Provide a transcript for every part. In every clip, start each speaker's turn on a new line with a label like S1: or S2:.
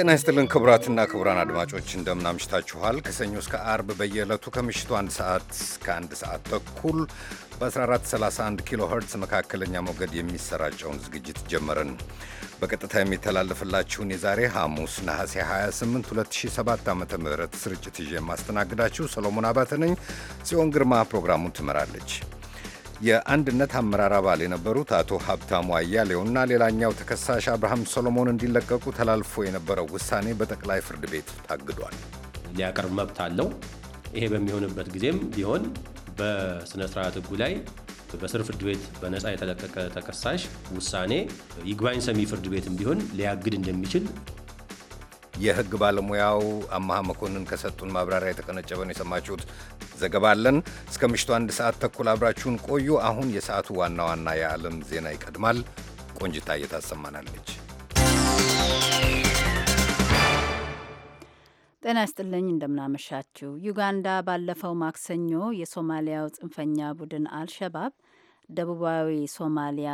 S1: ጤና ይስጥልን ክቡራትና ክቡራን አድማጮች እንደምን አምሽታችኋል። ከሰኞ እስከ አርብ በየዕለቱ ከምሽቱ አንድ ሰዓት እስከ አንድ ሰዓት ተኩል በ1431 ኪሎ ኸርትዝ መካከለኛ ሞገድ የሚሰራጨውን ዝግጅት ጀመርን። በቀጥታ የሚተላለፍላችሁን የዛሬ ሐሙስ ነሐሴ 28 2007 ዓ ም ስርጭት ይዤ የማስተናግዳችሁ ሰሎሞን አባተ ነኝ። ጽዮን ግርማ ፕሮግራሙን ትመራለች። የአንድነት አመራር አባል የነበሩት አቶ ሀብታሙ አያሌውና ሌላኛው ተከሳሽ አብርሃም ሰሎሞን እንዲለቀቁ ተላልፎ
S2: የነበረው ውሳኔ በጠቅላይ ፍርድ ቤት ታግዷል። ሊያቀርብ መብት አለው። ይሄ በሚሆንበት ጊዜም ቢሆን በሥነ ስርዓት ህጉ ላይ በስር ፍርድ ቤት በነፃ የተለቀቀ ተከሳሽ ውሳኔ ይግባኝ ሰሚ ፍርድ ቤትም ቢሆን ሊያግድ እንደሚችል
S1: የህግ ባለሙያው አመሃ መኮንን ከሰጡን ማብራሪያ የተቀነጨበን የሰማችሁት። ዘገባ አለን። እስከ ምሽቱ አንድ ሰዓት ተኩል አብራችሁን ቆዩ። አሁን የሰዓቱ ዋና ዋና የዓለም ዜና ይቀድማል። ቆንጅታ እየታሰማናለች።
S3: ጤና ይስጥልኝ፣ እንደምናመሻችሁ። ዩጋንዳ ባለፈው ማክሰኞ የሶማሊያው ጽንፈኛ ቡድን አልሸባብ ደቡባዊ ሶማሊያ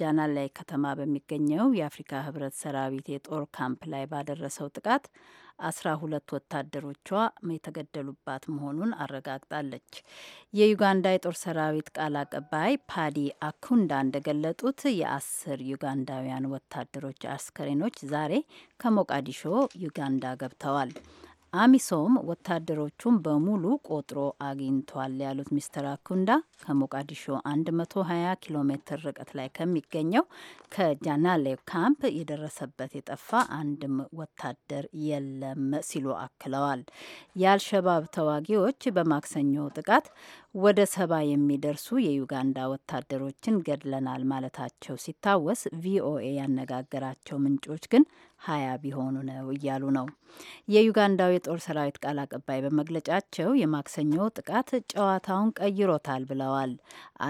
S3: ጃናላይ ከተማ በሚገኘው የአፍሪካ ህብረት ሰራዊት የጦር ካምፕ ላይ ባደረሰው ጥቃት አስራ ሁለት ወታደሮቿ የተገደሉባት መሆኑን አረጋግጣለች። የዩጋንዳ የጦር ሰራዊት ቃል አቀባይ ፓዲ አኩንዳ እንደገለጡት የአስር ዩጋንዳውያን ወታደሮች አስከሬኖች ዛሬ ከሞቃዲሾ ዩጋንዳ ገብተዋል። አሚሶም ወታደሮቹን በሙሉ ቆጥሮ አግኝቷል ያሉት ሚስተር አኩንዳ ከሞቃዲሾ 120 ኪሎ ሜትር ርቀት ላይ ከሚገኘው ከጃናሌ ካምፕ የደረሰበት የጠፋ አንድም ወታደር የለም ሲሉ አክለዋል። የአልሸባብ ተዋጊዎች በማክሰኞ ጥቃት ወደ ሰባ የሚደርሱ የዩጋንዳ ወታደሮችን ገድለናል ማለታቸው ሲታወስ ቪኦኤ ያነጋገራቸው ምንጮች ግን ሀያ ቢሆኑ ነው እያሉ ነው። የዩጋንዳው የጦር ሰራዊት ቃል አቀባይ በመግለጫቸው የማክሰኞ ጥቃት ጨዋታውን ቀይሮታል ብለዋል።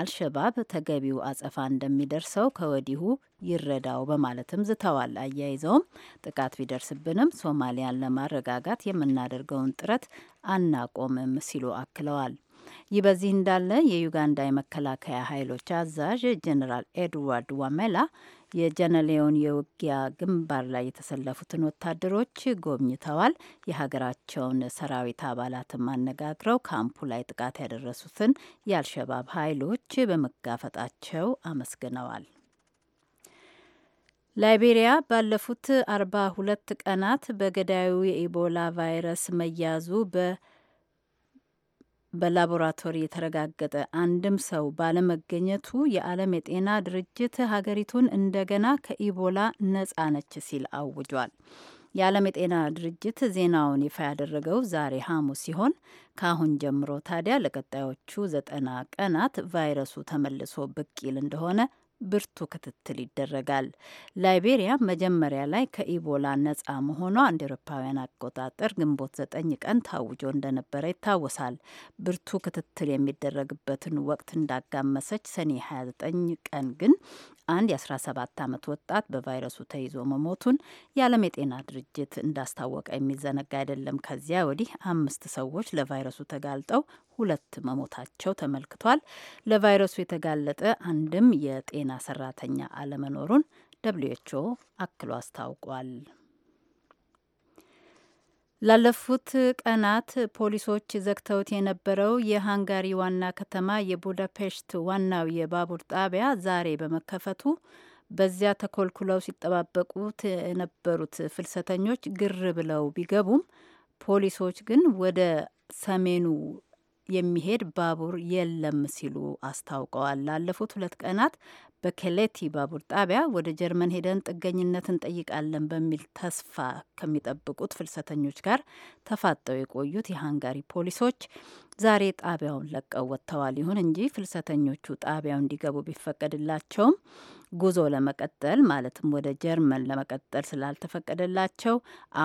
S3: አልሸባብ ተገቢው አጸፋ እንደሚደርሰው ከወዲሁ ይረዳው በማለትም ዝተዋል። አያይዘውም ጥቃት ቢደርስብንም ሶማሊያን ለማረጋጋት የምናደርገውን ጥረት አናቆምም ሲሉ አክለዋል። ይህ በዚህ እንዳለ የዩጋንዳ የመከላከያ ኃይሎች አዛዥ ጀኔራል ኤድዋርድ ዋሜላ የጀነሌውን የውጊያ ግንባር ላይ የተሰለፉትን ወታደሮች ጎብኝተዋል። የሀገራቸውን ሰራዊት አባላትም አነጋግረው ካምፑ ላይ ጥቃት ያደረሱትን የአልሸባብ ኃይሎች በመጋፈጣቸው አመስግነዋል። ላይቤሪያ ባለፉት አርባ ሁለት ቀናት በገዳዩ የኢቦላ ቫይረስ መያዙ በ በላቦራቶሪ የተረጋገጠ አንድም ሰው ባለመገኘቱ የዓለም የጤና ድርጅት ሀገሪቱን እንደገና ከኢቦላ ነጻ ነች ሲል አውጇል። የዓለም የጤና ድርጅት ዜናውን ይፋ ያደረገው ዛሬ ሐሙስ ሲሆን ከአሁን ጀምሮ ታዲያ ለቀጣዮቹ ዘጠና ቀናት ቫይረሱ ተመልሶ ብቅ ይል እንደሆነ ብርቱ ክትትል ይደረጋል። ላይቤሪያ መጀመሪያ ላይ ከኢቦላ ነጻ መሆኗ እንደ ኤሮፓውያን አቆጣጠር ግንቦት ዘጠኝ ቀን ታውጆ እንደነበረ ይታወሳል። ብርቱ ክትትል የሚደረግበትን ወቅት እንዳጋመሰች ሰኔ 29 ቀን ግን አንድ የ17 ዓመት ወጣት በቫይረሱ ተይዞ መሞቱን የዓለም የጤና ድርጅት እንዳስታወቀ የሚዘነጋ አይደለም። ከዚያ ወዲህ አምስት ሰዎች ለቫይረሱ ተጋልጠው ሁለት መሞታቸው ተመልክቷል። ለቫይረሱ የተጋለጠ አንድም የጤና የጤና ሰራተኛ አለመኖሩን ደብልዩ አክሎ አስታውቋል። ላለፉት ቀናት ፖሊሶች ዘግተውት የነበረው የሃንጋሪ ዋና ከተማ የቡዳፔሽት ዋናው የባቡር ጣቢያ ዛሬ በመከፈቱ በዚያ ተኮልኩለው ሲጠባበቁት የነበሩት ፍልሰተኞች ግር ብለው ቢገቡም ፖሊሶች ግን ወደ ሰሜኑ የሚሄድ ባቡር የለም ሲሉ አስታውቀዋል። ላለፉት ሁለት ቀናት በኬሌቲ ባቡር ጣቢያ ወደ ጀርመን ሄደን ጥገኝነት እንጠይቃለን በሚል ተስፋ ከሚጠብቁት ፍልሰተኞች ጋር ተፋጠው የቆዩት የሃንጋሪ ፖሊሶች ዛሬ ጣቢያውን ለቀው ወጥተዋል። ይሁን እንጂ ፍልሰተኞቹ ጣቢያው እንዲገቡ ቢፈቀድላቸውም ጉዞ ለመቀጠል ማለትም ወደ ጀርመን ለመቀጠል ስላልተፈቀደላቸው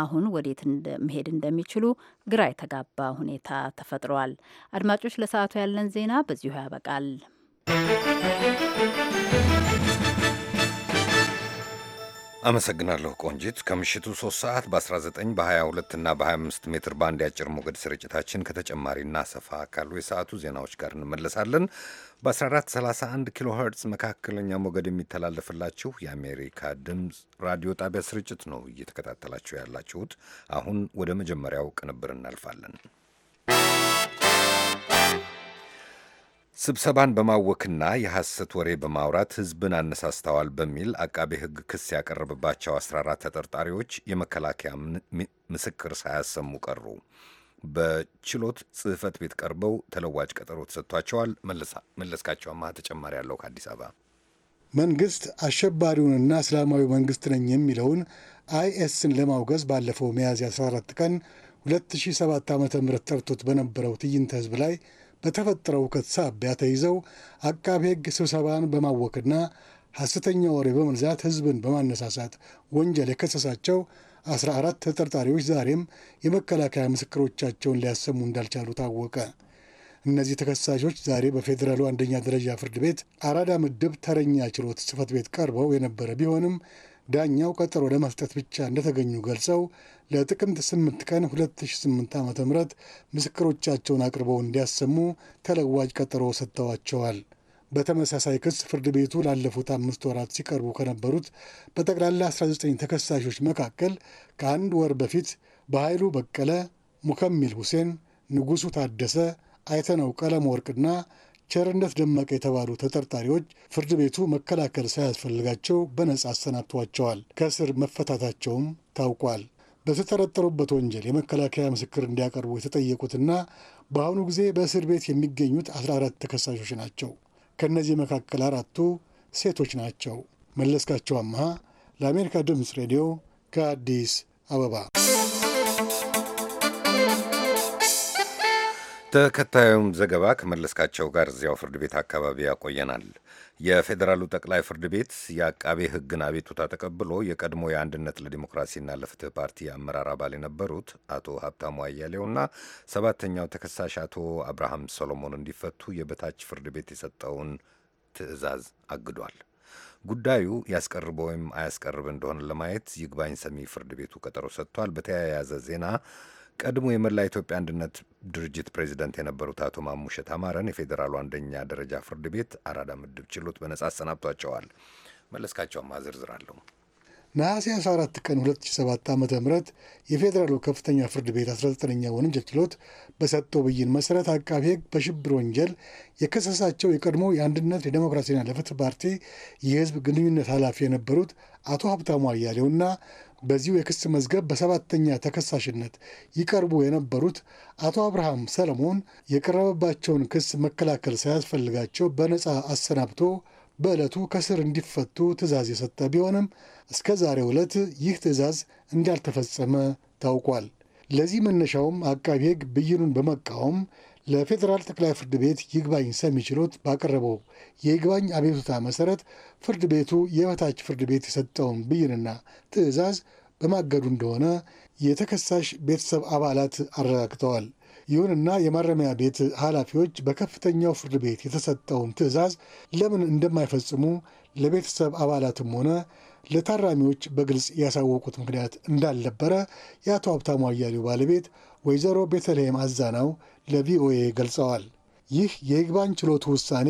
S3: አሁን ወዴት መሄድ እንደሚችሉ ግራ የተጋባ ሁኔታ ተፈጥሯል። አድማጮች፣ ለሰዓቱ ያለን ዜና በዚሁ ያበቃል።
S1: አመሰግናለሁ ቆንጂት። ከምሽቱ 3 ሰዓት በ19 በ22 እና በ25 ሜትር ባንድ የአጭር ሞገድ ስርጭታችን ከተጨማሪና ሰፋ ካሉ የሰዓቱ ዜናዎች ጋር እንመለሳለን። በ1431 ኪሎ ሄርትስ መካከለኛ ሞገድ የሚተላለፍላችሁ የአሜሪካ ድምፅ ራዲዮ ጣቢያ ስርጭት ነው እየተከታተላችሁ ያላችሁት። አሁን ወደ መጀመሪያው ቅንብር እናልፋለን። ስብሰባን በማወክና የሐሰት ወሬ በማውራት ሕዝብን አነሳስተዋል በሚል አቃቤ ሕግ ክስ ያቀረበባቸው 14 ተጠርጣሪዎች የመከላከያ ምስክር ሳያሰሙ ቀሩ። በችሎት ጽሕፈት ቤት ቀርበው ተለዋጭ ቀጠሮ ተሰጥቷቸዋል። መለስካቸው አማሃ ተጨማሪ ያለው ከአዲስ አበባ
S4: መንግስት አሸባሪውንና እስላማዊ መንግስት ነኝ የሚለውን አይኤስን ለማውገዝ ባለፈው ሚያዝያ 14 ቀን 2007 ዓ ም ጠርቶት በነበረው ትዕይንተ ህዝብ ላይ በተፈጠረው ውከት ሳቢያ ተይዘው አቃቤ ሕግ ስብሰባን በማወክና ሐሰተኛ ወሬ በመንዛት ሕዝብን በማነሳሳት ወንጀል የከሰሳቸው 14 ተጠርጣሪዎች ዛሬም የመከላከያ ምስክሮቻቸውን ሊያሰሙ እንዳልቻሉ ታወቀ። እነዚህ ተከሳሾች ዛሬ በፌዴራሉ አንደኛ ደረጃ ፍርድ ቤት አራዳ ምድብ ተረኛ ችሎት ጽፈት ቤት ቀርበው የነበረ ቢሆንም ዳኛው ቀጠሮ ለመስጠት ብቻ እንደተገኙ ገልጸው ለጥቅምት 8 ቀን 2008 ዓ ም ምስክሮቻቸውን አቅርበው እንዲያሰሙ ተለዋጭ ቀጠሮ ሰጥተዋቸዋል። በተመሳሳይ ክስ ፍርድ ቤቱ ላለፉት አምስት ወራት ሲቀርቡ ከነበሩት በጠቅላላ 19 ተከሳሾች መካከል ከአንድ ወር በፊት በኃይሉ በቀለ፣ ሙከሚል ሁሴን፣ ንጉሱ ታደሰ፣ አይተነው ቀለም ወርቅና ቸርነት ደመቀ የተባሉ ተጠርጣሪዎች ፍርድ ቤቱ መከላከል ሳያስፈልጋቸው በነጻ አሰናብቷቸዋል። ከእስር መፈታታቸውም ታውቋል። በተጠረጠሩበት ወንጀል የመከላከያ ምስክር እንዲያቀርቡ የተጠየቁትና በአሁኑ ጊዜ በእስር ቤት የሚገኙት 14 ተከሳሾች ናቸው። ከእነዚህ መካከል አራቱ ሴቶች ናቸው። መለስካቸው አምሃ ለአሜሪካ ድምፅ ሬዲዮ ከአዲስ አበባ
S1: ተከታዩም ዘገባ ከመለስካቸው ጋር እዚያው ፍርድ ቤት አካባቢ ያቆየናል። የፌዴራሉ ጠቅላይ ፍርድ ቤት የአቃቤ ሕግን አቤቱታ ተቀብሎ የቀድሞ የአንድነት ለዲሞክራሲና ለፍትህ ፓርቲ አመራር አባል የነበሩት አቶ ሀብታሙ አያሌውና ሰባተኛው ተከሳሽ አቶ አብርሃም ሰሎሞን እንዲፈቱ የበታች ፍርድ ቤት የሰጠውን ትዕዛዝ አግዷል። ጉዳዩ ያስቀርብ ወይም አያስቀርብ እንደሆነ ለማየት ይግባኝ ሰሚ ፍርድ ቤቱ ቀጠሮ ሰጥቷል። በተያያዘ ዜና ቀድሞ የመላ ኢትዮጵያ አንድነት ድርጅት ፕሬዚደንት የነበሩት አቶ ማሙሸት አማረን የፌዴራሉ አንደኛ ደረጃ ፍርድ ቤት አራዳ ምድብ ችሎት በነጻ አሰናብቷቸዋል። መለስካቸው አማረ
S4: ነሐሴ 14 ቀን 2007 ዓ ም የፌዴራሉ ከፍተኛ ፍርድ ቤት 19ኛ ወንጀል ችሎት በሰጠው ብይን መሠረት አቃቤ ሕግ በሽብር ወንጀል የከሰሳቸው የቀድሞ የአንድነት የዴሞክራሲና ለፍትህ ፓርቲ የህዝብ ግንኙነት ኃላፊ የነበሩት አቶ ሀብታሙ አያሌውና በዚሁ የክስ መዝገብ በሰባተኛ ተከሳሽነት ይቀርቡ የነበሩት አቶ አብርሃም ሰለሞን የቀረበባቸውን ክስ መከላከል ሳያስፈልጋቸው በነፃ አሰናብቶ በዕለቱ ከስር እንዲፈቱ ትዕዛዝ የሰጠ ቢሆንም እስከ ዛሬው ዕለት ይህ ትዕዛዝ እንዳልተፈጸመ ታውቋል። ለዚህ መነሻውም አቃቢ ሕግ ብይኑን በመቃወም ለፌዴራል ጠቅላይ ፍርድ ቤት ይግባኝ ሰሚ ችሎት ባቀረበው የይግባኝ አቤቱታ መሰረት ፍርድ ቤቱ የበታች ፍርድ ቤት የሰጠውን ብይንና ትዕዛዝ በማገዱ እንደሆነ የተከሳሽ ቤተሰብ አባላት አረጋግጠዋል። ይሁንና የማረሚያ ቤት ኃላፊዎች በከፍተኛው ፍርድ ቤት የተሰጠውን ትዕዛዝ ለምን እንደማይፈጽሙ ለቤተሰብ አባላትም ሆነ ለታራሚዎች በግልጽ ያሳወቁት ምክንያት እንዳልነበረ የአቶ ሀብታሙ አያሌው ባለቤት ወይዘሮ ቤተልሔም አዛናው ለቪኦኤ ገልጸዋል። ይህ የይግባኝ ችሎቱ ውሳኔ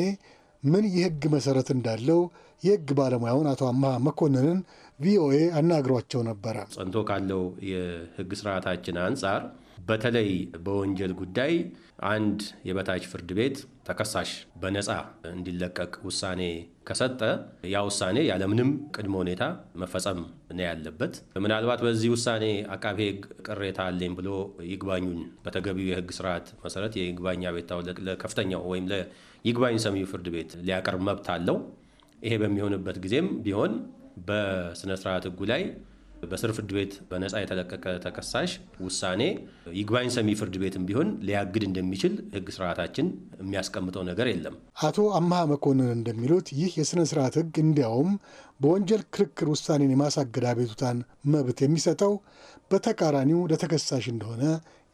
S4: ምን የህግ መሠረት እንዳለው የህግ ባለሙያውን አቶ አማ መኮንንን ቪኦኤ አናግሯቸው ነበረ።
S2: ጸንቶ ካለው የህግ ስርዓታችን አንጻር በተለይ በወንጀል ጉዳይ አንድ የበታች ፍርድ ቤት ተከሳሽ በነፃ እንዲለቀቅ ውሳኔ ከሰጠ ያ ውሳኔ ያለምንም ቅድመ ሁኔታ መፈጸም ነው ያለበት። ምናልባት በዚህ ውሳኔ አቃቤ ሕግ ቅሬታ አለኝ ብሎ ይግባኙን በተገቢው የሕግ ስርዓት መሰረት የይግባኝ አቤቱታውን ለከፍተኛው ወይም ለይግባኝ ሰሚው ፍርድ ቤት ሊያቀርብ መብት አለው። ይሄ በሚሆንበት ጊዜም ቢሆን በስነስርዓት ሕጉ ላይ በስር ፍርድ ቤት በነፃ የተለቀቀ ተከሳሽ ውሳኔ ይግባኝ ሰሚ ፍርድ ቤትም ቢሆን ሊያግድ እንደሚችል ህግ ስርዓታችን የሚያስቀምጠው ነገር የለም።
S4: አቶ አምሃ መኮንን እንደሚሉት ይህ የሥነ ስርዓት ህግ እንዲያውም በወንጀል ክርክር ውሳኔን የማሳገድ አቤቱታን መብት የሚሰጠው በተቃራኒው ለተከሳሽ እንደሆነ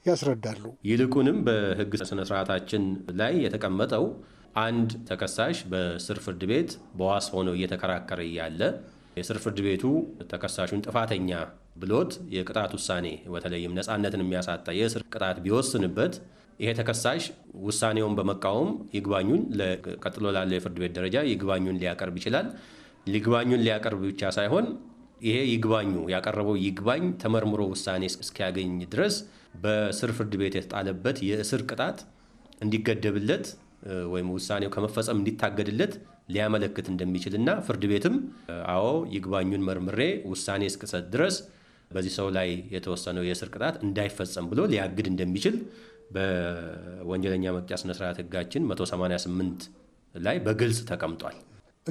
S4: ያስረዳሉ።
S2: ይልቁንም በህግ ስነ ስርዓታችን ላይ የተቀመጠው አንድ ተከሳሽ በስር ፍርድ ቤት በዋስ ሆኖ እየተከራከረ እያለ የስር ፍርድ ቤቱ ተከሳሹን ጥፋተኛ ብሎት የቅጣት ውሳኔ በተለይም ነፃነትን የሚያሳጣ የእስር ቅጣት ቢወስንበት ይሄ ተከሳሽ ውሳኔውን በመቃወም ይግባኙን ቀጥሎ ላለ የፍርድ ቤት ደረጃ ይግባኙን ሊያቀርብ ይችላል። ይግባኙን ሊያቀርብ ብቻ ሳይሆን ይሄ ይግባኙ ያቀረበው ይግባኝ ተመርምሮ ውሳኔ እስኪያገኝ ድረስ በስር ፍርድ ቤት የተጣለበት የእስር ቅጣት እንዲገደብለት ወይም ውሳኔው ከመፈጸም እንዲታገድለት ሊያመለክት እንደሚችልና ፍርድ ቤትም አዎ ይግባኙን መርምሬ ውሳኔ እስክሰጥ ድረስ በዚህ ሰው ላይ የተወሰነው የእስር ቅጣት እንዳይፈጸም ብሎ ሊያግድ እንደሚችል በወንጀለኛ መቅጫ ስነስርዓት ህጋችን 188 ላይ በግልጽ ተቀምጧል።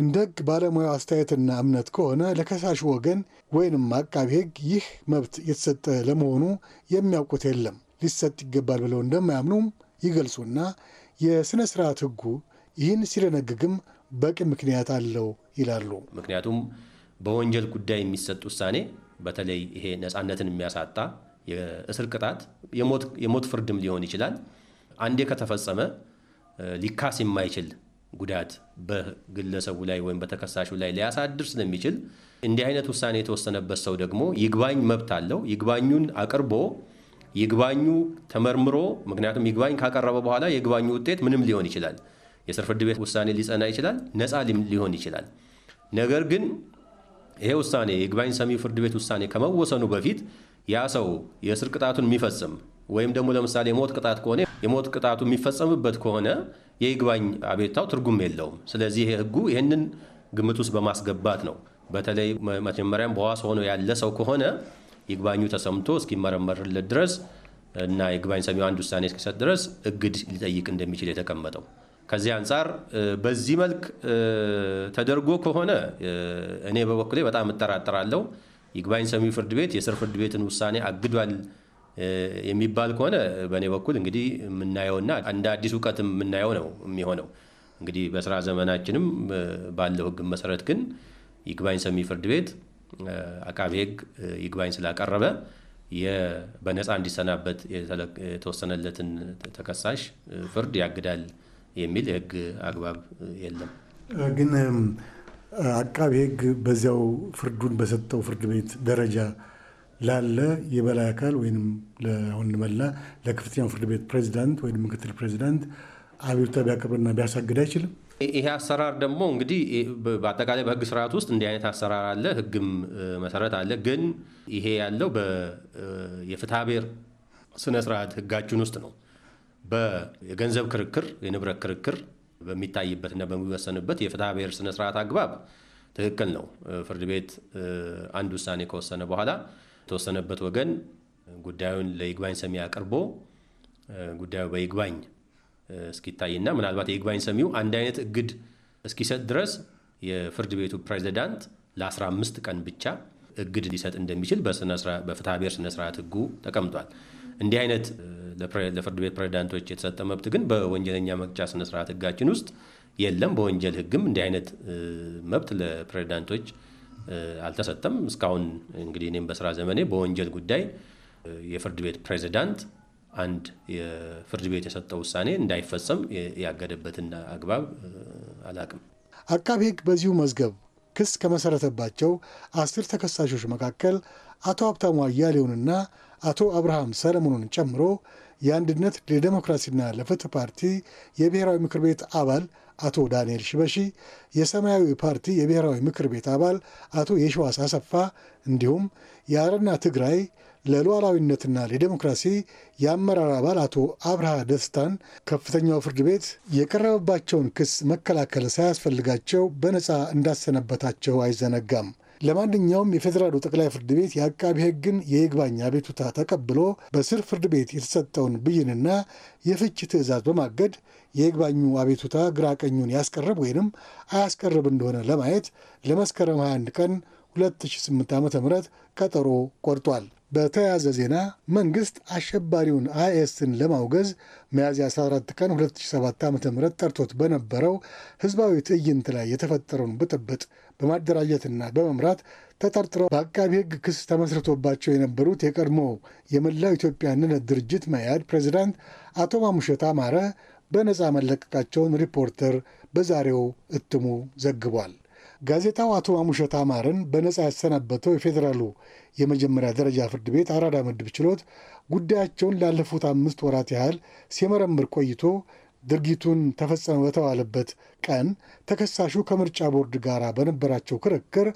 S4: እንደ ህግ ባለሙያ አስተያየትና እምነት ከሆነ ለከሳሽ ወገን ወይንም አቃቢ ህግ ይህ መብት የተሰጠ ለመሆኑ የሚያውቁት የለም፣ ሊሰጥ ይገባል ብለው እንደማያምኑም ይገልጹና የሥነ ሥርዓት ህጉ ይህን ሲደነግግም በቂ ምክንያት አለው ይላሉ።
S2: ምክንያቱም በወንጀል ጉዳይ የሚሰጥ ውሳኔ በተለይ ይሄ ነፃነትን የሚያሳጣ የእስር ቅጣት የሞት ፍርድም ሊሆን ይችላል። አንዴ ከተፈጸመ ሊካስ የማይችል ጉዳት በግለሰቡ ላይ ወይም በተከሳሹ ላይ ሊያሳድር ስለሚችል እንዲህ አይነት ውሳኔ የተወሰነበት ሰው ደግሞ ይግባኝ መብት አለው። ይግባኙን አቅርቦ ይግባኙ ተመርምሮ፣ ምክንያቱም ይግባኝ ካቀረበ በኋላ የይግባኙ ውጤት ምንም ሊሆን ይችላል። የስር ፍርድ ቤት ውሳኔ ሊጸና ይችላል፣ ነፃ ሊሆን ይችላል። ነገር ግን ይሄ ውሳኔ የግባኝ ሰሚ ፍርድ ቤት ውሳኔ ከመወሰኑ በፊት ያ ሰው የእስር ቅጣቱን የሚፈጽም ወይም ደግሞ ለምሳሌ የሞት ቅጣት ከሆነ የሞት ቅጣቱ የሚፈጸምበት ከሆነ የይግባኝ አቤታው ትርጉም የለውም። ስለዚህ ይሄ ህጉ ይህንን ግምት ውስጥ በማስገባት ነው። በተለይ መጀመሪያም በዋስ ሆኖ ያለ ሰው ከሆነ ይግባኙ ተሰምቶ እስኪመረመርለት ድረስ እና የግባኝ ሰሚው አንድ ውሳኔ እስኪሰጥ ድረስ እግድ ሊጠይቅ እንደሚችል የተቀመጠው ከዚህ አንጻር በዚህ መልክ ተደርጎ ከሆነ እኔ በበኩሌ በጣም እጠራጠራለሁ። ይግባኝ ሰሚ ፍርድ ቤት የስር ፍርድ ቤትን ውሳኔ አግዷል የሚባል ከሆነ በእኔ በኩል እንግዲህ የምናየውና እንደ አዲስ እውቀትም የምናየው ነው የሚሆነው። እንግዲህ በስራ ዘመናችንም ባለው ሕግ መሰረት ግን ይግባኝ ሰሚ ፍርድ ቤት አቃቤ ሕግ ይግባኝ ስላቀረበ በነፃ እንዲሰናበት የተወሰነለትን ተከሳሽ ፍርድ ያግዳል የሚል የህግ አግባብ የለም። ግን
S4: አቃቤ ህግ በዚያው ፍርዱን በሰጠው ፍርድ ቤት ደረጃ ላለ የበላይ አካል ወይም አሁን መላ ለከፍተኛው ፍርድ ቤት ፕሬዚዳንት ወይም ምክትል ፕሬዚዳንት አቤቱታ ቢያቀርብና ቢያሳግድ አይችልም።
S2: ይሄ አሰራር ደግሞ እንግዲህ በአጠቃላይ በህግ ስርዓት ውስጥ እንዲህ አይነት አሰራር አለ፣ ህግም መሰረት አለ። ግን ይሄ ያለው የፍትሐ ብሔር ስነስርዓት ህጋችን ውስጥ ነው። የገንዘብ ክርክር፣ የንብረት ክርክር በሚታይበትና በሚወሰንበት የፍትሐ ብሔር ስነስርዓት አግባብ ትክክል ነው። ፍርድ ቤት አንድ ውሳኔ ከወሰነ በኋላ የተወሰነበት ወገን ጉዳዩን ለይግባኝ ሰሚ አቅርቦ ጉዳዩ በይግባኝ እስኪታይና ምናልባት የይግባኝ ሰሚው አንድ አይነት እግድ እስኪሰጥ ድረስ የፍርድ ቤቱ ፕሬዚዳንት ለ15 ቀን ብቻ እግድ ሊሰጥ እንደሚችል በፍትሐ ብሔር ስነስርዓት ህጉ ተቀምጧል። እንዲህ አይነት ለፍርድ ቤት ፕሬዝዳንቶች የተሰጠ መብት ግን በወንጀለኛ መቅጫ ስነስርዓት ህጋችን ውስጥ የለም። በወንጀል ህግም እንዲህ አይነት መብት ለፕሬዝዳንቶች አልተሰጠም። እስካሁን እንግዲህ እኔም በስራ ዘመኔ በወንጀል ጉዳይ የፍርድ ቤት ፕሬዝዳንት አንድ የፍርድ ቤት የሰጠው ውሳኔ እንዳይፈጸም ያገደበትን አግባብ አላቅም።
S4: አቃቤ ህግ በዚሁ መዝገብ ክስ ከመሰረተባቸው አስር ተከሳሾች መካከል አቶ ሀብታሙ አያሌውንና አቶ አብርሃም ሰለሞኑን ጨምሮ የአንድነት ለዴሞክራሲና ለፍትህ ፓርቲ የብሔራዊ ምክር ቤት አባል አቶ ዳንኤል ሽበሺ፣ የሰማያዊ ፓርቲ የብሔራዊ ምክር ቤት አባል አቶ የሸዋስ አሰፋ እንዲሁም የአረና ትግራይ ለሉዓላዊነትና ለዴሞክራሲ የአመራር አባል አቶ አብርሃ ደስታን ከፍተኛው ፍርድ ቤት የቀረበባቸውን ክስ መከላከል ሳያስፈልጋቸው በነፃ እንዳሰነበታቸው አይዘነጋም። ለማንኛውም የፌዴራሉ ጠቅላይ ፍርድ ቤት የአቃቢ ሕግን የይግባኝ አቤቱታ ተቀብሎ በስር ፍርድ ቤት የተሰጠውን ብይንና የፍች ትዕዛዝ በማገድ የይግባኙ አቤቱታ ግራቀኙን ያስቀርብ ወይንም አያስቀርብ እንደሆነ ለማየት ለመስከረም 21 ቀን 2008 ዓ ም ቀጠሮ ቆርጧል። በተያያዘ ዜና መንግስት አሸባሪውን አይኤስን ለማውገዝ ሚያዝያ 14 ቀን 2007 ዓ ም ጠርቶት በነበረው ህዝባዊ ትዕይንት ላይ የተፈጠረውን ብጥብጥ በማደራጀትና በመምራት ተጠርጥረው በአቃቢ ህግ ክስ ተመስርቶባቸው የነበሩት የቀድሞ የመላው ኢትዮጵያ አንድነት ድርጅት መያድ ፕሬዚዳንት አቶ ማሙሸት አማረ በነፃ መለቀቃቸውን ሪፖርተር በዛሬው እትሙ ዘግቧል። ጋዜጣው አቶ አሙሸት አማርን በነጻ ያሰናበተው የፌዴራሉ የመጀመሪያ ደረጃ ፍርድ ቤት አራዳ ምድብ ችሎት ጉዳያቸውን ላለፉት አምስት ወራት ያህል ሲመረምር ቆይቶ ድርጊቱን ተፈጸመ በተባለበት ቀን ተከሳሹ ከምርጫ ቦርድ ጋር በነበራቸው ክርክር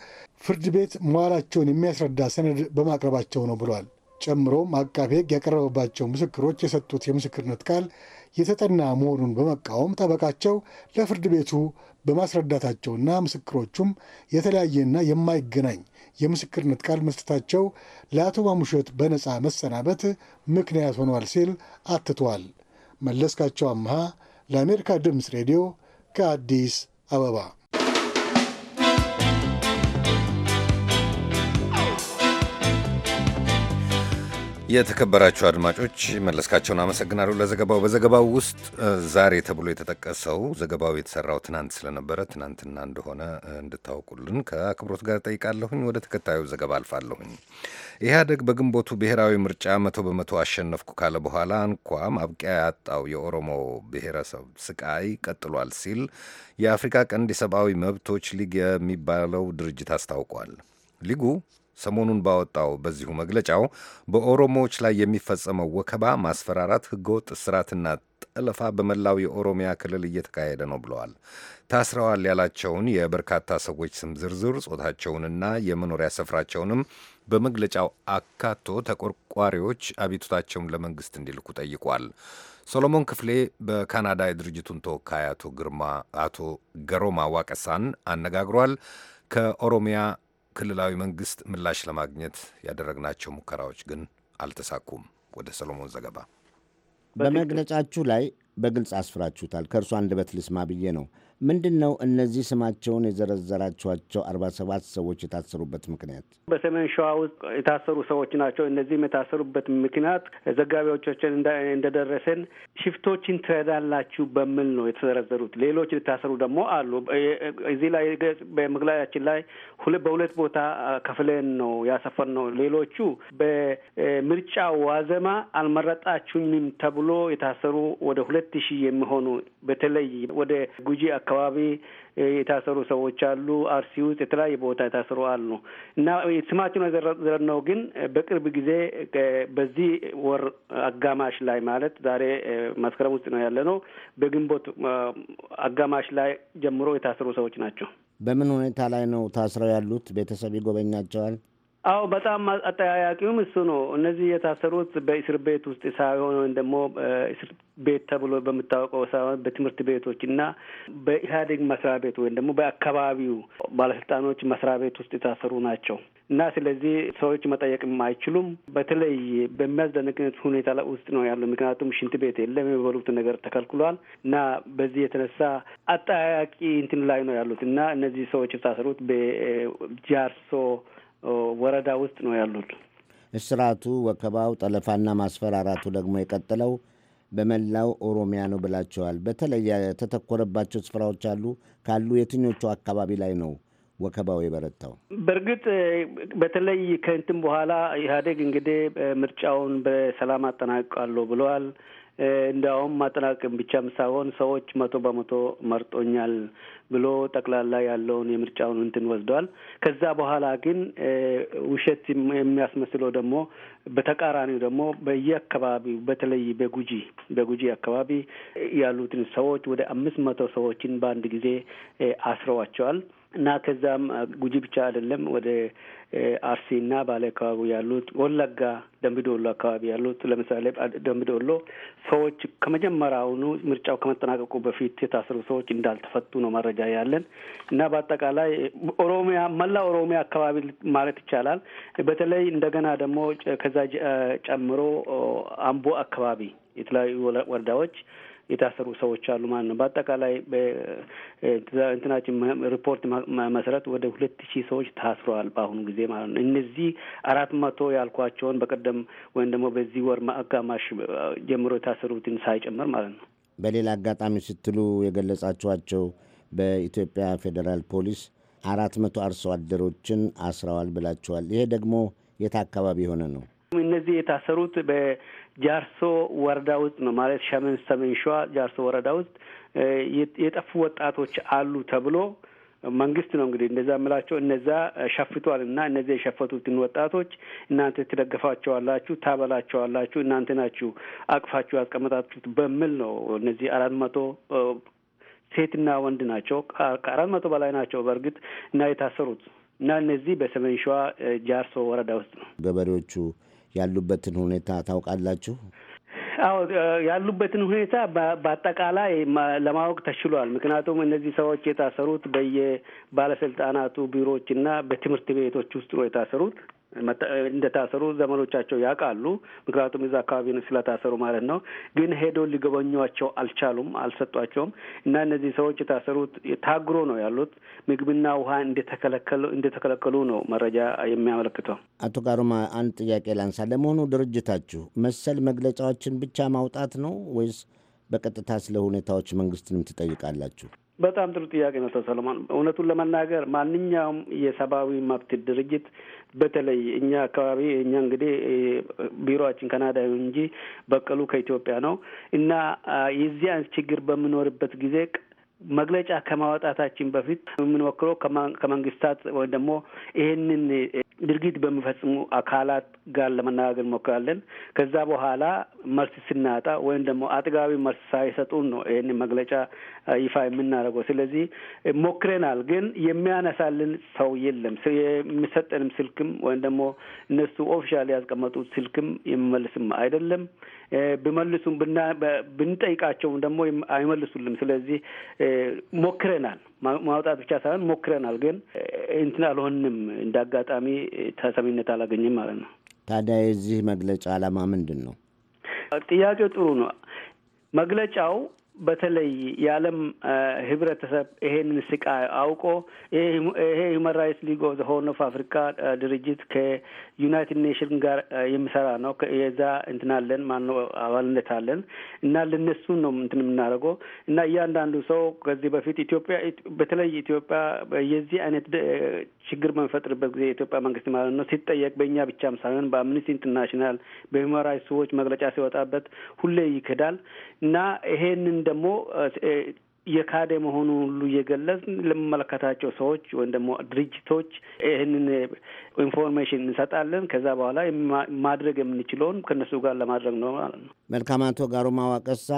S4: ፍርድ ቤት መዋላቸውን የሚያስረዳ ሰነድ በማቅረባቸው ነው ብሏል። ጨምሮም አቃቤ ሕግ ያቀረበባቸው ምስክሮች የሰጡት የምስክርነት ቃል የተጠና መሆኑን በመቃወም ጠበቃቸው ለፍርድ ቤቱ በማስረዳታቸውና ምስክሮቹም የተለያየና የማይገናኝ የምስክርነት ቃል መስጠታቸው ለአቶ ማሙሸት በነፃ መሰናበት ምክንያት ሆኗል ሲል አትቷል። መለስካቸው አምሃ ለአሜሪካ ድምፅ ሬዲዮ ከአዲስ አበባ
S1: የተከበራችሁ አድማጮች መለስካቸውን አመሰግናለሁ ለዘገባው። በዘገባው ውስጥ ዛሬ ተብሎ የተጠቀሰው ዘገባው የተሰራው ትናንት ስለነበረ ትናንትና እንደሆነ እንድታውቁልን ከአክብሮት ጋር ጠይቃለሁኝ። ወደ ተከታዩ ዘገባ አልፋለሁኝ። ኢህአደግ በግንቦቱ ብሔራዊ ምርጫ መቶ በመቶ አሸነፍኩ ካለ በኋላ እንኳ ማብቂያ ያጣው የኦሮሞ ብሔረሰብ ስቃይ ቀጥሏል ሲል የአፍሪካ ቀንድ የሰብአዊ መብቶች ሊግ የሚባለው ድርጅት አስታውቋል። ሊጉ ሰሞኑን ባወጣው በዚሁ መግለጫው በኦሮሞዎች ላይ የሚፈጸመው ወከባ፣ ማስፈራራት፣ ህገወጥ እስራትና ጠለፋ በመላው የኦሮሚያ ክልል እየተካሄደ ነው ብለዋል። ታስረዋል ያላቸውን የበርካታ ሰዎች ስም ዝርዝር፣ ጾታቸውንና የመኖሪያ ስፍራቸውንም በመግለጫው አካቶ ተቆርቋሪዎች አቤቱታቸውን ለመንግስት እንዲልኩ ጠይቋል። ሶሎሞን ክፍሌ በካናዳ የድርጅቱን ተወካይ አቶ ግርማ አቶ ገሮማ ዋቀሳን አነጋግሯል። ከኦሮሚያ ክልላዊ መንግስት ምላሽ ለማግኘት ያደረግናቸው ሙከራዎች ግን አልተሳኩም። ወደ ሰሎሞን ዘገባ በመግለጫችሁ
S5: ላይ በግልጽ አስፍራችሁታል። ከእርሱ አንደበት ልስማ ብዬ ነው። ምንድን ነው እነዚህ ስማቸውን የዘረዘራችኋቸው አርባ ሰባት ሰዎች የታሰሩበት ምክንያት?
S6: በሰሜን ሸዋ ውስጥ የታሰሩ ሰዎች ናቸው። እነዚህም የታሰሩበት ምክንያት ዘጋቢዎቻችን እንደደረሰን ሽፍቶችን ትረዳላችሁ በሚል ነው የተዘረዘሩት። ሌሎች የታሰሩ ደግሞ አሉ። እዚህ ላይ በመግለጫችን ላይ በሁለት ቦታ ከፍለን ነው ያሰፈር ነው። ሌሎቹ በምርጫ ዋዜማ አልመረጣችሁኝም ተብሎ የታሰሩ ወደ ሁለት ሺህ የሚሆኑ በተለይ ወደ ጉጂ አካባቢ የታሰሩ ሰዎች አሉ። አርሲ ውስጥ የተለያየ ቦታ የታሰሩ አሉ እና ዘረ ነው ግን በቅርብ ጊዜ በዚህ ወር አጋማሽ ላይ ማለት ዛሬ መስከረም ውስጥ ነው ያለ ነው። በግንቦት አጋማሽ ላይ ጀምሮ የታሰሩ ሰዎች ናቸው።
S5: በምን ሁኔታ ላይ ነው ታስረው ያሉት? ቤተሰብ ይጎበኛቸዋል?
S6: አዎ በጣም አጠያያቂውም እሱ ነው። እነዚህ የታሰሩት በእስር ቤት ውስጥ ሳይሆን ወይም ደግሞ እስር ቤት ተብሎ በምታወቀው ሳይሆን በትምህርት ቤቶች እና በኢህአዴግ መስሪያ ቤት ወይም ደግሞ በአካባቢው ባለስልጣኖች መስሪያ ቤት ውስጥ የታሰሩ ናቸው እና ስለዚህ ሰዎች መጠየቅም አይችሉም። በተለይ በሚያስደንቅ ሁኔታ ውስጥ ነው ያለው። ምክንያቱም ሽንት ቤት የለም፣ የሚበሉት ነገር ተከልክሏል እና በዚህ የተነሳ አጠያያቂ እንትን ላይ ነው ያሉት እና እነዚህ ሰዎች የታሰሩት በጃርሶ ወረዳ ውስጥ ነው ያሉት።
S5: እስራቱ፣ ወከባው፣ ጠለፋና ማስፈራራቱ ደግሞ የቀጠለው በመላው ኦሮሚያ ነው ብላቸዋል። በተለይ የተተኮረባቸው ስፍራዎች አሉ ካሉ የትኞቹ አካባቢ ላይ ነው ወከባው የበረታው?
S6: በእርግጥ በተለይ ከእንትን በኋላ ኢህአዴግ እንግዲህ ምርጫውን በሰላም አጠናቅቃለሁ ብለዋል። እንዲያውም ማጠናቀም ብቻም ሳይሆን ሰዎች መቶ በመቶ መርጦኛል ብሎ ጠቅላላ ያለውን የምርጫውን እንትን ወስደዋል። ከዛ በኋላ ግን ውሸት የሚያስመስለው ደግሞ በተቃራኒው ደግሞ በየአካባቢው በተለይ በጉጂ በጉጂ አካባቢ ያሉትን ሰዎች ወደ አምስት መቶ ሰዎችን በአንድ ጊዜ አስረዋቸዋል። እና ከዛም ጉጂ ብቻ አይደለም ወደ አርሲና ባሌ አካባቢ ያሉት ወለጋ ደምቢዶሎ አካባቢ ያሉት ለምሳሌ ደምቢዶሎ ሰዎች ከመጀመሪያውኑ ምርጫው ከመጠናቀቁ በፊት የታሰሩ ሰዎች እንዳልተፈቱ ነው መረጃ ያለን እና በአጠቃላይ ኦሮሚያ መላ ኦሮሚያ አካባቢ ማለት ይቻላል። በተለይ እንደገና ደግሞ ከዛ ጨምሮ አምቦ አካባቢ የተለያዩ ወረዳዎች የታሰሩ ሰዎች አሉ ማለት ነው። በአጠቃላይ እንትናችን ሪፖርት መሰረት ወደ ሁለት ሺህ ሰዎች ታስረዋል በአሁኑ ጊዜ ማለት ነው። እነዚህ አራት መቶ ያልኳቸውን በቀደም ወይም ደግሞ በዚህ ወር አጋማሽ ጀምሮ የታሰሩትን ሳይጨምር ማለት ነው።
S5: በሌላ አጋጣሚ ስትሉ የገለጻችኋቸው በኢትዮጵያ ፌዴራል ፖሊስ አራት መቶ አርሶ አደሮችን አስረዋል ብላችኋል። ይሄ ደግሞ የት አካባቢ የሆነ ነው?
S6: እነዚህ የታሰሩት ጃርሶ ወረዳ ውስጥ ነው ማለት ሸመን ሰሜን ሸዋ ጃርሶ ወረዳ ውስጥ የጠፉ ወጣቶች አሉ ተብሎ መንግስት ነው እንግዲህ እንደዛ የምላቸው እነዛ ሸፍቷል እና እነዚ የሸፈቱትን ወጣቶች እናንተ ትደግፋቸዋላችሁ፣ ታበላቸዋላችሁ፣ እናንተ ናችሁ አቅፋችሁ ያስቀመጣችሁት በሚል ነው እነዚህ አራት መቶ ሴትና ወንድ ናቸው። ከአራት መቶ በላይ ናቸው በእርግጥ እና የታሰሩት እና እነዚህ በሰሜን ሸዋ ጃርሶ ወረዳ ውስጥ
S5: ነው ገበሬዎቹ ያሉበትን ሁኔታ ታውቃላችሁ?
S6: አዎ ያሉበትን ሁኔታ በአጠቃላይ ለማወቅ ተችሏል። ምክንያቱም እነዚህ ሰዎች የታሰሩት በየባለስልጣናቱ ቢሮዎች እና በትምህርት ቤቶች ውስጥ ነው የታሰሩት። እንደታሰሩ ዘመኖቻቸው ያውቃሉ። ምክንያቱም እዛ አካባቢ ስለታሰሩ ማለት ነው። ግን ሄዶ ሊጎበኟቸው አልቻሉም፣ አልሰጧቸውም። እና እነዚህ ሰዎች የታሰሩት ታግሮ ነው ያሉት። ምግብና ውሃ እንደተከለከሉ ነው መረጃ የሚያመለክተው።
S5: አቶ ጋሩማ አንድ ጥያቄ ላንሳ። ለመሆኑ ድርጅታችሁ መሰል መግለጫዎችን ብቻ ማውጣት ነው ወይስ በቀጥታ ስለ ሁኔታዎች መንግስትንም ትጠይቃላችሁ?
S6: በጣም ጥሩ ጥያቄ ነው ሰለሞን። እውነቱን ለመናገር ማንኛውም የሰብአዊ መብት ድርጅት በተለይ እኛ አካባቢ እኛ እንግዲህ ቢሮችን ካናዳ እንጂ በቀሉ ከኢትዮጵያ ነው እና የዚህ አይነት ችግር በምኖርበት ጊዜ መግለጫ ከማውጣታችን በፊት የምንወክረው ከመንግስታት ወይም ደግሞ ይሄንን ድርጊት በሚፈጽሙ አካላት ጋር ለመነጋገር እንሞክራለን። ከዛ በኋላ መልስ ስናጣ ወይም ደግሞ አጥጋቢ መልስ ሳይሰጡን ነው ይህን መግለጫ ይፋ የምናደርገው። ስለዚህ ሞክረናል፣ ግን የሚያነሳልን ሰው የለም። የሚሰጠንም ስልክም ወይም ደግሞ እነሱ ኦፊሻል ያስቀመጡት ስልክም የሚመልስም አይደለም። ብመልሱም ብንጠይቃቸውም ደግሞ አይመልሱልም። ስለዚህ ሞክረናል ማውጣት ብቻ ሳይሆን ሞክረናል፣ ግን እንትን አልሆንም። እንደ አጋጣሚ ተሰሚነት አላገኘም ማለት ነው።
S5: ታዲያ የዚህ መግለጫ ዓላማ ምንድን ነው?
S6: ጥያቄው ጥሩ ነው። መግለጫው በተለይ የዓለም ህብረተሰብ ይሄንን ስቃይ አውቆ ይሄ ሁማን ራይትስ ሊግ ኦፍ ሆርን ኦፍ አፍሪካ ድርጅት ከዩናይትድ ኔሽን ጋር የሚሰራ ነው። የዛ እንትን አለን አባልነት አለን እና ልነሱ ነው እንትን የምናደርገው እና እያንዳንዱ ሰው ከዚህ በፊት ኢትዮጵያ በተለይ ኢትዮጵያ የዚህ አይነት ችግር በሚፈጥርበት ጊዜ የኢትዮጵያ መንግስት ማለት ነው ሲጠየቅ በእኛ ብቻም ሳይሆን በአምነስቲ ኢንተርናሽናል በሁማን ራይትስ ሰዎች መግለጫ ሲወጣበት ሁሌ ይክዳል እና ይሄንን ደግሞ የካደ መሆኑ ሁሉ እየገለጽ ለምመለከታቸው ሰዎች ወይም ደግሞ ድርጅቶች ይህንን ኢንፎርሜሽን እንሰጣለን። ከዛ በኋላ ማድረግ የምንችለውን ከነሱ ጋር ለማድረግ ነው ማለት ነው።
S5: መልካም። አቶ ጋሩማ ዋቀሳ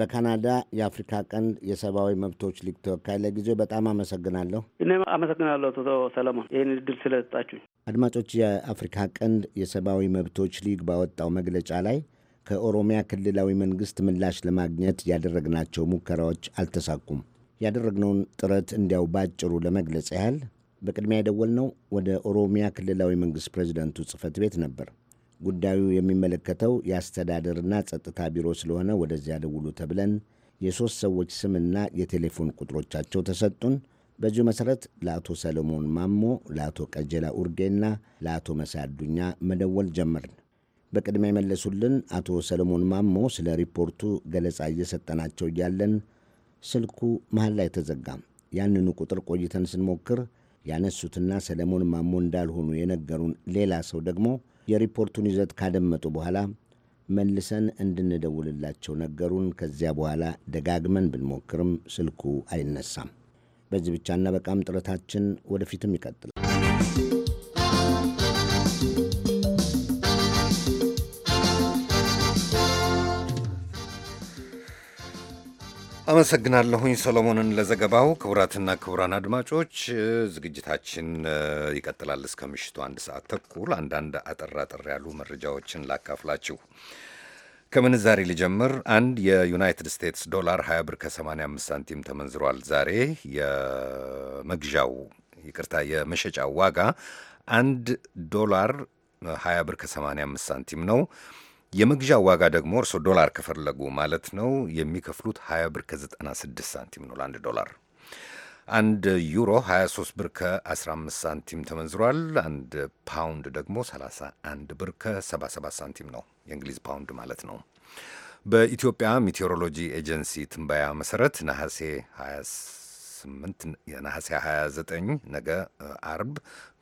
S5: በካናዳ የአፍሪካ ቀንድ የሰብአዊ መብቶች ሊግ ተወካይ፣ ለጊዜው በጣም አመሰግናለሁ።
S6: እኔም አመሰግናለሁ አቶ ሰለሞን ይህን እድል ስለሰጣችሁ።
S5: አድማጮች፣ የአፍሪካ ቀንድ የሰብአዊ መብቶች ሊግ ባወጣው መግለጫ ላይ ከኦሮሚያ ክልላዊ መንግሥት ምላሽ ለማግኘት ያደረግናቸው ሙከራዎች አልተሳኩም። ያደረግነውን ጥረት እንዲያው ባጭሩ ለመግለጽ ያህል በቅድሚያ የደወልነው ወደ ኦሮሚያ ክልላዊ መንግሥት ፕሬዚደንቱ ጽሕፈት ቤት ነበር። ጉዳዩ የሚመለከተው የአስተዳደርና ጸጥታ ቢሮ ስለሆነ ወደዚያ ደውሉ ተብለን የሦስት ሰዎች ስምና የቴሌፎን ቁጥሮቻቸው ተሰጡን። በዚሁ መሠረት ለአቶ ሰለሞን ማሞ፣ ለአቶ ቀጀላ ኡርጌና ለአቶ ዱኛ መደወል ጀመርን። በቅድሚያ የመለሱልን አቶ ሰለሞን ማሞ ስለ ሪፖርቱ ገለጻ እየሰጠናቸው እያለን ስልኩ መሀል ላይ ተዘጋም። ያንኑ ቁጥር ቆይተን ስንሞክር ያነሱትና ሰለሞን ማሞ እንዳልሆኑ የነገሩን ሌላ ሰው ደግሞ የሪፖርቱን ይዘት ካደመጡ በኋላ መልሰን እንድንደውልላቸው ነገሩን። ከዚያ በኋላ ደጋግመን ብንሞክርም ስልኩ አይነሳም። በዚህ ብቻና በቃም ጥረታችን ወደፊትም ይቀጥላል።
S1: አመሰግናለሁኝ ሰሎሞንን ለዘገባው። ክቡራትና ክቡራን አድማጮች ዝግጅታችን ይቀጥላል እስከ ምሽቱ አንድ ሰዓት ተኩል። አንዳንድ አጠር አጠር ያሉ መረጃዎችን ላካፍላችሁ። ከምንዛሪ ሊጀምር አንድ የዩናይትድ ስቴትስ ዶላር 20 ብር ከ85 ሳንቲም ተመንዝሯል። ዛሬ የመግዣው ይቅርታ፣ የመሸጫው ዋጋ አንድ ዶላር 20 ብር ከ85 ሳንቲም ነው። የመግዣ ዋጋ ደግሞ እርሶ ዶላር ከፈለጉ ማለት ነው የሚከፍሉት 20 ብር ከ96 ሳንቲም ነው ለአንድ ዶላር። አንድ ዩሮ 23 ብር ከ15 ሳንቲም ተመንዝሯል። አንድ ፓውንድ ደግሞ 31 ብር ከ77 ሳንቲም ነው፣ የእንግሊዝ ፓውንድ ማለት ነው። በኢትዮጵያ ሜቴሮሎጂ ኤጀንሲ ትንበያ መሰረት ነሐሴ 20 28 የነሐሴ 29 ነገ አርብ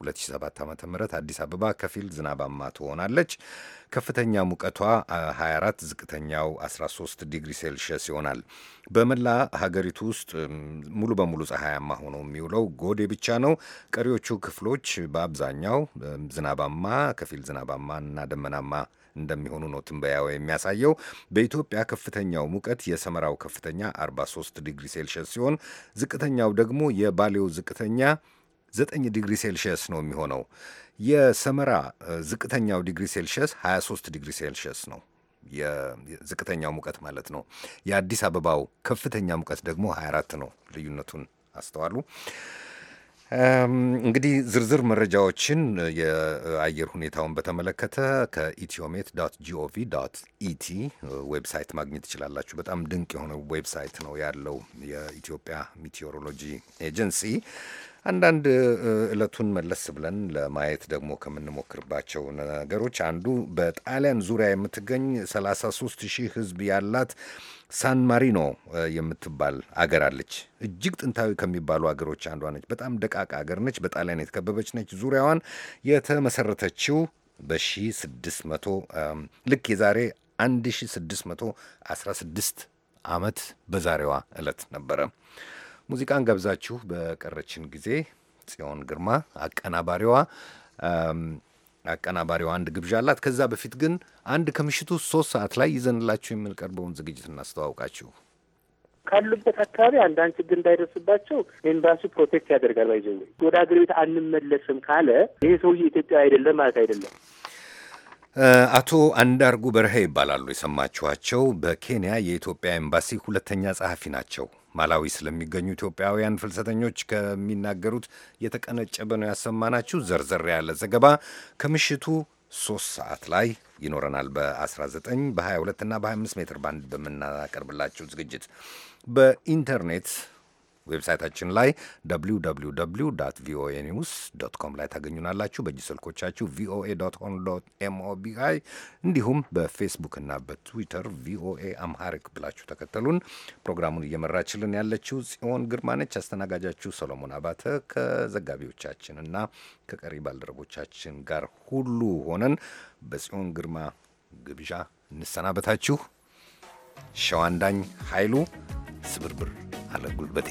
S1: 2007 ዓ ም አዲስ አበባ ከፊል ዝናባማ ትሆናለች። ከፍተኛ ሙቀቷ 24፣ ዝቅተኛው 13 ዲግሪ ሴልሽየስ ይሆናል። በመላ ሀገሪቱ ውስጥ ሙሉ በሙሉ ፀሐያማ ሆኖ የሚውለው ጎዴ ብቻ ነው። ቀሪዎቹ ክፍሎች በአብዛኛው ዝናባማ፣ ከፊል ዝናባማ እና ደመናማ እንደሚሆኑ ነው ትንበያው የሚያሳየው። በኢትዮጵያ ከፍተኛው ሙቀት የሰመራው ከፍተኛ 43 ዲግሪ ሴልሽየስ ሲሆን ዝቅተኛው ደግሞ የባሌው ዝቅተኛ 9 ዲግሪ ሴልሽየስ ነው የሚሆነው። የሰመራ ዝቅተኛው ዲግሪ ሴልሽየስ 23 ዲግሪ ሴልሽየስ ነው የዝቅተኛው ሙቀት ማለት ነው። የአዲስ አበባው ከፍተኛ ሙቀት ደግሞ 24 ነው። ልዩነቱን አስተዋሉ። እንግዲህ ዝርዝር መረጃዎችን የአየር ሁኔታውን በተመለከተ ከኢትዮሜት ዶት ጂኦቪ ዶት ኢቲ ዌብሳይት ማግኘት ትችላላችሁ። በጣም ድንቅ የሆነ ዌብሳይት ነው ያለው የኢትዮጵያ ሚቴዎሮሎጂ ኤጀንሲ። አንዳንድ ዕለቱን መለስ ብለን ለማየት ደግሞ ከምንሞክርባቸው ነገሮች አንዱ በጣሊያን ዙሪያ የምትገኝ 33 ሺህ ሕዝብ ያላት ሳን ማሪኖ የምትባል አገር አለች። እጅግ ጥንታዊ ከሚባሉ አገሮች አንዷ ነች። በጣም ደቃቅ አገር ነች። በጣሊያን የተከበበች ነች። ዙሪያዋን የተመሰረተችው በ1600 ልክ የዛሬ 1616 ዓመት በዛሬዋ ዕለት ነበረ። ሙዚቃን ገብዛችሁ በቀረችን ጊዜ ጽዮን ግርማ አቀናባሪዋ አቀናባሪው አንድ ግብዣ አላት። ከዛ በፊት ግን አንድ ከምሽቱ ሶስት ሰዓት ላይ ይዘንላችሁ የምንቀርበውን ዝግጅት እናስተዋውቃችሁ።
S6: ካሉበት አካባቢ አንዳንድ ችግር እንዳይደርስባቸው ኤምባሲ ፕሮቴክት ያደርጋል። ባይዘ ወደ አገር ቤት አንመለስም ካለ ይሄ ሰውዬ ኢትዮጵያ አይደለም ማለት አይደለም።
S1: አቶ አንዳርጉ በርሄ ይባላሉ። የሰማችኋቸው በኬንያ የኢትዮጵያ ኤምባሲ ሁለተኛ ጸሐፊ ናቸው። ማላዊ ስለሚገኙ ኢትዮጵያውያን ፍልሰተኞች ከሚናገሩት የተቀነጨበ ነው ያሰማናችሁ። ዘርዘር ያለ ዘገባ ከምሽቱ ሶስት ሰዓት ላይ ይኖረናል። በ19 በ22 እና በ25 ሜትር ባንድ በምናቀርብላችሁ ዝግጅት በኢንተርኔት ዌብሳይታችን ላይ www ቪኦኤ ኒውስ ዶት ኮም ላይ ታገኙናላችሁ። በእጅ ስልኮቻችሁ ቪኦኤ ዶት ሆን ዶት ኤምኦቢአይ እንዲሁም በፌስቡክና በትዊተር ቪኦኤ አምሃሪክ ብላችሁ ተከተሉን። ፕሮግራሙን እየመራችልን ያለችው ጽዮን ግርማነች። አስተናጋጃችሁ ሰሎሞን አባተ ከዘጋቢዎቻችን እና ከቀሪ ባልደረቦቻችን ጋር ሁሉ ሆነን በጽዮን ግርማ ግብዣ እንሰናበታችሁ። ሸዋንዳኝ ኃይሉ ስብርብር አለ ጉልበቴ።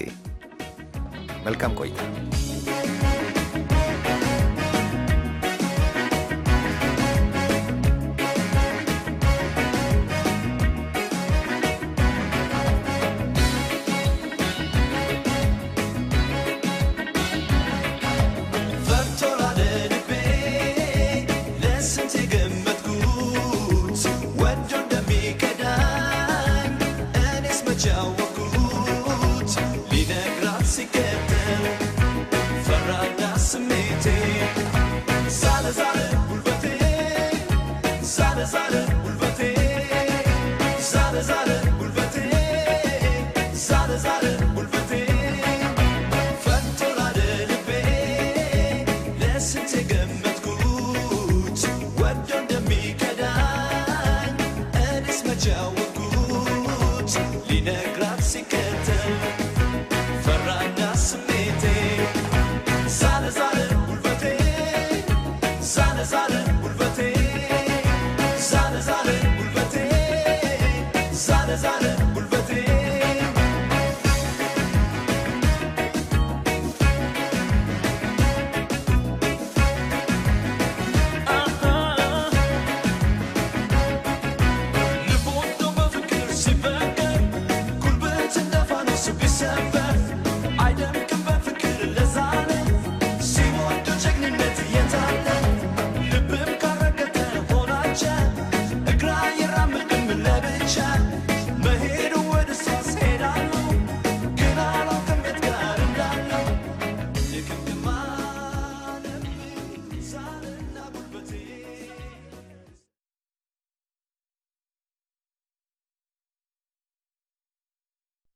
S1: መልካም ቆይታ